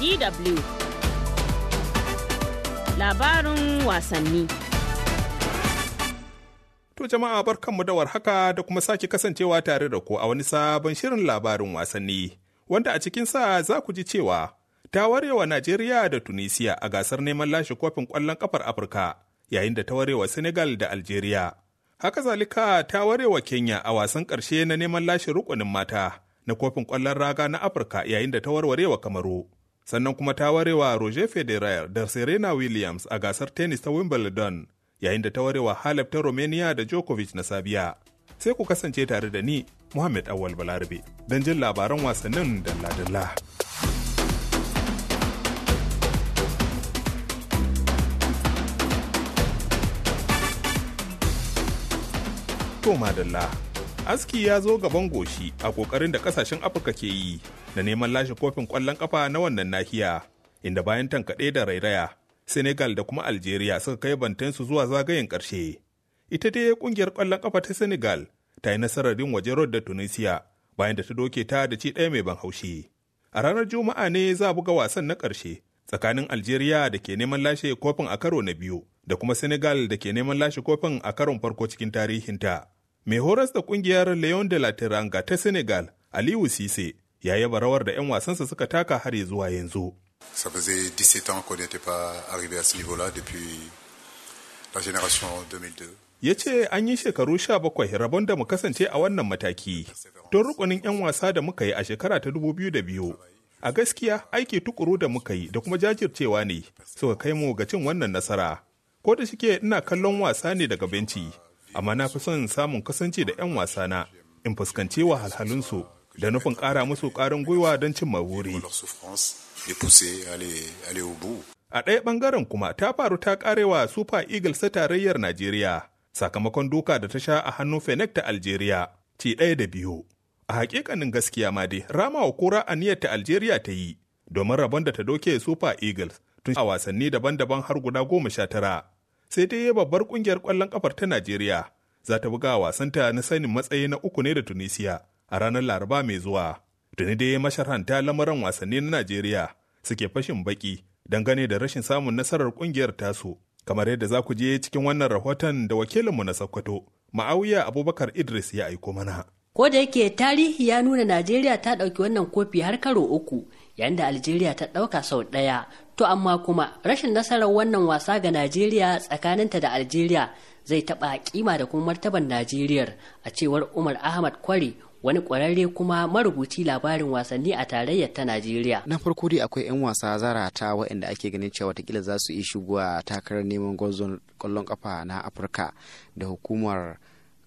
DW Labarin wasanni To jama'a bar barkanmu da warhaka da kuma sake kasancewa tare da ku a wani sabon shirin labarin wasanni wanda a cikinsa za ku ji cewa ta warewa Najeriya da Tunisia a gasar neman lashe kofin kwallon kafar Afirka yayin da ta warewa Senegal da Algeria. Haka zalika ta warewa Kenya a wasan ƙarshe na neman lashe rukunin mata na kofin ƙwallon raga na Afirka yayin da ta warwarewa Kamaru. sannan kuma ta warewa Roger Federer da Serena Williams a gasar tennis ta Wimbledon yayin da ta warewa Halep ta Romania da Djokovic na Sabiya. Sai ku kasance tare da ni Muhammad Awal Balarabe don jin labaran wasannin dalla-dalla. To Dalla, aski ya zo gaban goshi a ƙoƙarin da ƙasashen Afirka ke yi Na neman lashe kofin ƙwallon ƙafa na wannan nahiya inda bayan tankaɗe da rairaya Senegal da kuma Algeria suka kai bantansu zuwa zagayen ƙarshe. Ita dai ƙungiyar ƙwallon ƙafa ta Senegal ta yi nasarar yin waje da Tunisia bayan da ta doke ta da ci ɗaya mai ban haushi. A ranar Juma'a ne za a buga wasan na ƙarshe tsakanin Algeria da ke neman lashe kofin a karo na biyu da kuma Senegal da ke neman lashe kofin a karon farko cikin tarihinta. Mai horas da ƙungiyar Leon de la Teranga ta Senegal, Aliyu Sise, ya yaba rawar da 'yan wasansa suka taka har zuwa yanzu. Ça Ya ce an yi shekaru sha bakwai rabon da mu kasance a wannan mataki. Don rukunin 'yan wasa da muka yi a shekara ta dubu biyu da biyu A gaskiya aiki tukuru da muka yi da kuma jajircewa ne suka kai mu ga cin wannan nasara. Ko da shike ina kallon wasa ne daga benci, amma na fi son samun kasance da 'yan wasana in fuskanci wahalhalunsu da nufin ƙara musu ƙarin gwiwa don cin buri. A ɗaya ɓangaren kuma ta faru ta ƙarewa Super Eagles ta tarayyar Najeriya sakamakon duka da ta sha a hannun Fenek ta Algeria ci ɗaya da biyu. A hakikanin gaskiya ma dai rama wa kura aniyar ta Algeria ta yi domin rabon da ta doke Super Eagles tun a wasanni daban-daban har guda goma sha tara. Sai dai babbar ƙungiyar ƙwallon ƙafar ta Najeriya za ta buga wasanta na sanin matsayi na uku ne da Tunisia. a ranar laraba mai zuwa tuni dai masharhanta lamarin wasanni na najeriya suke fashin baki dangane da rashin samun nasarar kungiyar tasu kamar yadda za ku je cikin wannan rahoton da wakilinmu na sokoto ma'auya abubakar idris ya aiko mana ko da yake tarihi ya nuna najeriya ta ɗauki wannan kofi har karo uku yayin da algeria ta ɗauka sau ɗaya to amma kuma rashin nasarar wannan wasa ga najeriya tsakaninta da algeria zai taɓa kima da kuma martabar najeriyar a cewar umar ahmad kwari wani kwararre kuma marubuci labarin wasanni a tarayyar ta Najeriya. Na farko dai akwai 'yan wasa ta waɗanda ake ganin cewa watakila za su yi shigowa takarar neman gwazon kwallon kafa na Afirka da hukumar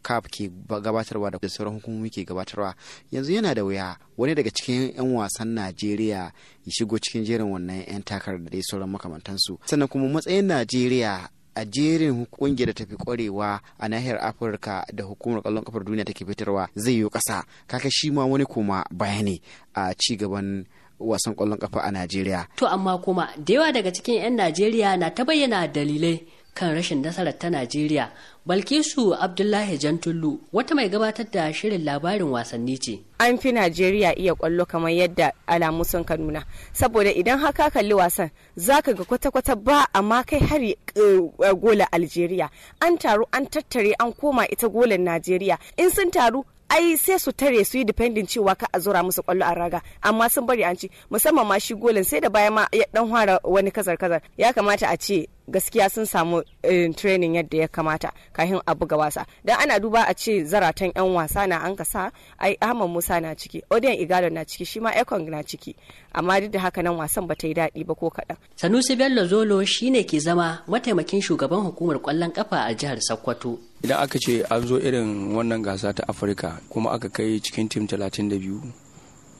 CAF ke gabatarwa da sauran hukumomi ke gabatarwa yanzu yana da wuya wani daga cikin 'yan wasan Najeriya ya shigo cikin jerin wannan 'yan takarar da dai sauran makamantansu sannan kuma matsayin Najeriya a jerin kungiyar da tafi kwarewa a nahiyar afirka da hukumar kallon kafar duniya take fitarwa zai yi kasa kaka shi ma wani kuma bayani a ci gaban wasan kwallon kafa a najeriya to amma kuma da yawa daga cikin 'yan najeriya na ta bayyana dalilai kan rashin nasarar ta Najeriya. Balkisu Abdullahi Jantullu wata mai gabatar da shirin labarin wasanni ce. An fi Najeriya iya kwallo kamar yadda alamu sun ka nuna. Saboda idan haka kalli wasan za ka ga kwata-kwata ba amma kai hari eh, gola Algeria. An taru an tattare an koma ita golan Najeriya. In sun taru ai sai su tare su yi dependin cewa ka a zura musu kwallo a raga amma sun bari an ci musamman ma shi golan sai da bayan ma ya dan wani kazar kazar ya kamata a ce gaskiya sun samu irin eh, training yadda ya kamata kafin a buga wasa dan ana duba a ce zaratan yan wasa na an kasa ai Ahmad Musa na ciki odin Igalo na ciki shima ma Ekong na ciki amma duk da haka nan wasan bata yi daɗi ba ko kaɗan. Sanusi Bello Zolo shine ke zama mataimakin shugaban hukumar kwallon kafa a jihar Sokoto. Idan aka ce an zo irin wannan gasa ta Afirka kuma aka kai cikin tim talatin da biyu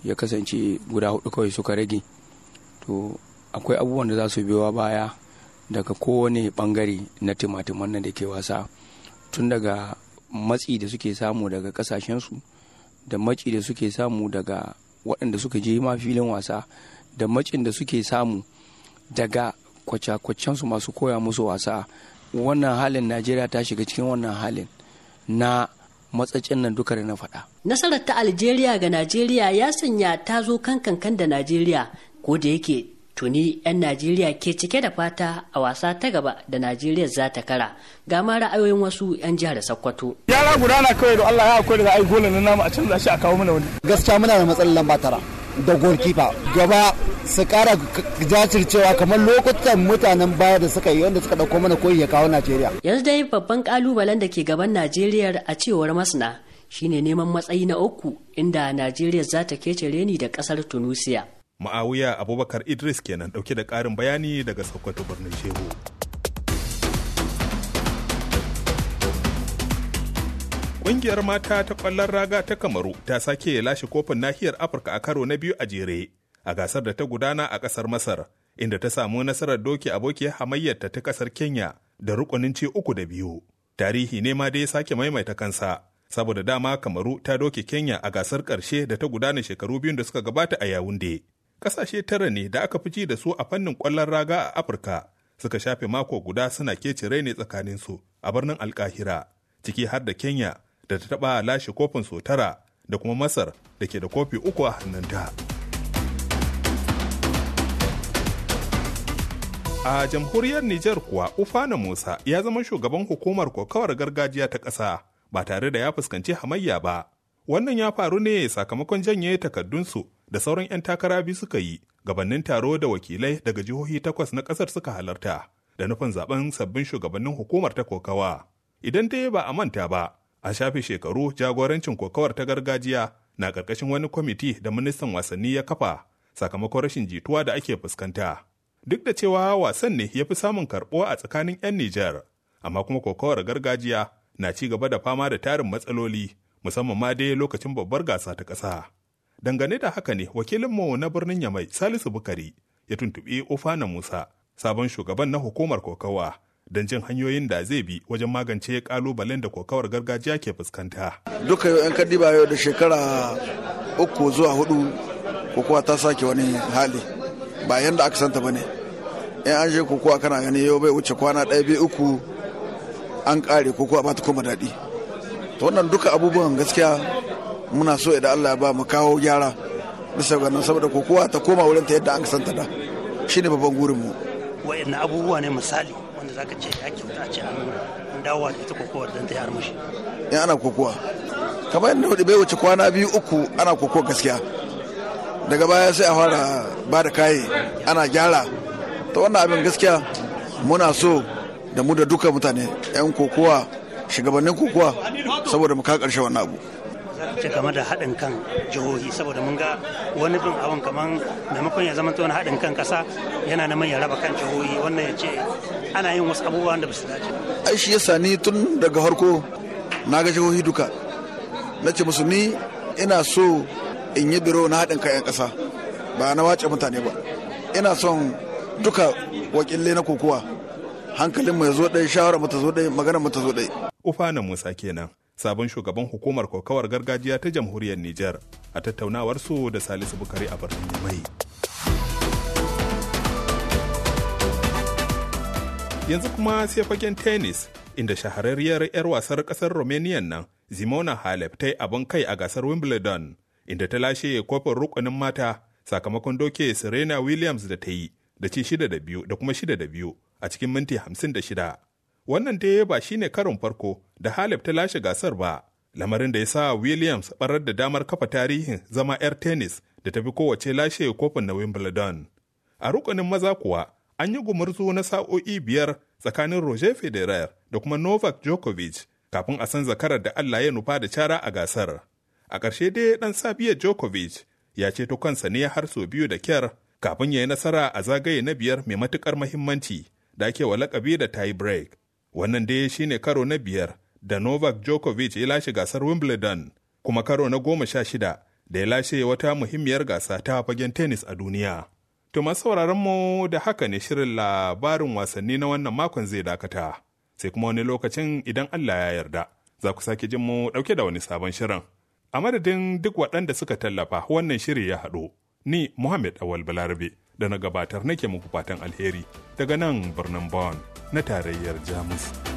ya kasance guda hudu kawai suka rage to akwai abubuwan da za su biyowa baya daga kowane bangare na timatiman nan da ke wasa tun daga matsi da suke samu daga kasashensu da matsi da suke samu daga waɗanda suka je ma filin wasa da macin da suke samu daga kwace-kwacensu masu koya musu wasa wannan halin najeriya ta shiga cikin wannan halin na matsacin nan duka da na faɗa. nasarar ta algeria ga najeriya ya sanya ta zo kan kankan da najeriya ko da yake tuni 'yan najeriya ke cike da fata a wasa ta gaba da najeriya za ta kara ga ma ra'ayoyin wasu 'yan jihar sokoto yara na kawai da allah ya akwai da ai gola na nama a canza shi a kawo mana wani gaskiya muna da matsalar lamba tara da kifa gaba su kara jajircewa kamar lokutan mutanen baya da suka yi wanda suka dauko mana koyi ya kawo najeriya yanzu dai babban kalubalen da ke gaban najeriya a cewar masana shine neman matsayi na uku inda najeriya za ta kece reni da kasar tunisia Ma'awiya Abubakar Idris kenan dauke da karin bayani daga Sokoto birnin Shehu. Ƙungiyar mata ta kwallon raga ta Kamaru ta sake lashe kofin nahiyar Afirka a karo na biyu a jere a gasar da ta gudana a kasar Masar, inda ta samu nasarar doki abokiyar hamayyarta ta kasar Kenya da rukunin ce uku da biyu. Tarihi ne ma dai sake maimaita kansa, saboda dama Kamaru ta doke Kenya a gasar karshe da ta gudana shekaru biyun da suka gabata a Yawunde. kasashe tara ne da aka fici da su a fannin kwallon raga a Afirka suka shafe mako guda suna kece ne tsakanin su a birnin Alkahira, ciki har da Kenya da ta taɓa lashe kofin sau tara da kuma Masar da ke da kofi uku a hannunta. A jamhuriyar Nijar kuwa Ufana Musa ya zama shugaban hukumar kokawar gargajiya ta ƙasa ba tare da ya fuskanci hamayya ba. Wannan ya faru ne sakamakon janye takardunsu da sauran 'yan takara biyu suka yi gabanin taro da wakilai daga jihohi takwas na ƙasar suka halarta da nufin zaben sabbin shugabannin hukumar ta kokawa. Idan dai ba a manta ba, a shafe shekaru jagorancin kokawar ta gargajiya na ƙarƙashin wani kwamiti da ministan wasanni ya kafa sakamakon rashin jituwa da ake fuskanta. Duk da cewa wasan ne ya fi samun karɓuwa a tsakanin 'yan Nijar, amma kuma kokawar gargajiya na ci gaba da fama da tarin matsaloli musamman ma dai lokacin babbar gasa ta ƙasa. Dangane da haka ne wakilinmu na birnin Yamai Salisu Bukari ya tuntuɓi Ofana Musa, sabon shugaban na hukumar kokawa, don jin hanyoyin da zai bi wajen magance kalubalen da kokawar gargajiya ke fuskanta. Duka yau 'yan kadiba yau da shekara uku zuwa hudu kokowa ta sake wani hali ba yanda aka santa ba ne. in an je kokowa kana gani yau bai wuce kwana daya bai uku an kare kokowa ba ta koma daɗi. To wannan duka abubuwan gaskiya muna so idan Allah ya ba mu kawo gyara bisa ga nan saboda kokowa ta koma wurin ta yadda an santa da shine babban gurin mu wayannan abubuwa ne misali wanda zaka ce ya kyauta a ce an dawo da ita kokowa dan ta yi armashi in ana kokowa kamar yadda wadda bai wuce kwana biyu uku ana kokowa gaskiya daga baya sai a fara ba da kaye ana gyara ta wannan abin gaskiya muna so da mu da duka mutane 'yan kokowa shugabannin kokowa saboda mu ka karshe wannan abu ce game da haɗin kan jihohi saboda mun ga wani bin abin kamar maimakon ya zama wani haɗin kan ƙasa yana neman ya raba kan jihohi wannan ya ce ana yin wasu abubuwan da ba su dace ai shi yasa ni tun daga harko na ga jihohi duka na ce musu ni ina so in yi biro na haɗin kan 'yan ƙasa ba na wace mutane ba ina son duka wakilai na kokowa hankalin mu ya zo ɗaya shawara ta zo ɗaya magana ta zo ɗaya. ufana Musa kenan. sabon shugaban hukumar kokawar gargajiya ta jamhuriyar Nijar a tattaunawar su da Salisu Bukari a birnin Mai. Yanzu kuma sai fagen tennis inda shahararriyar 'yar wasar kasar Romania nan Zimona Halep ta yi abin kai a gasar Wimbledon inda ta lashe kofin rukunin mata sakamakon doke Serena Williams da ta yi da ci 6 da 2 da kuma 6 da 2 a cikin minti 56. Wannan dai ba shine karin farko da Halep ta lashe gasar ba, lamarin da ya sa Williams barar da damar kafa tarihin zama 'yar tennis da ta fi kowace lashe kofin na Wimbledon. A rukunin maza kuwa, an yi gumurzu na sa'o'i biyar tsakanin Roger Federer da kuma Novak Djokovic kafin a san zakarar da Allah ya nufa da cara a gasar. A ƙarshe dai ɗan Sabiya Djokovic ya ceto kansa ne har sau biyu da kyar kafin ya yi nasara a zagaye na biyar mai matuƙar mahimmanci da ake wa lakabi da tie break. Wannan dai shine karo na biyar da Novak Djokovic ya lashe gasar Wimbledon kuma karo na goma sha shida da ya lashe wata muhimmiyar gasa ta fagen tenis a duniya. To masu mu da haka ne shirin labarin wasanni na wannan makon zai dakata. Sai kuma wani lokacin idan Allah ya yarda za ku sake jin mu dauke da wani sabon shirin. A madadin duk waɗanda suka tallafa wannan shiri ya haɗu. Ni Muhammad Awal Balarabe da na gabatar nake muku fatan alheri daga nan birnin Bonn. na tarayyar jamus.